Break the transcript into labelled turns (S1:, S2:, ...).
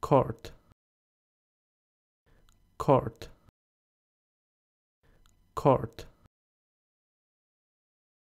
S1: court court court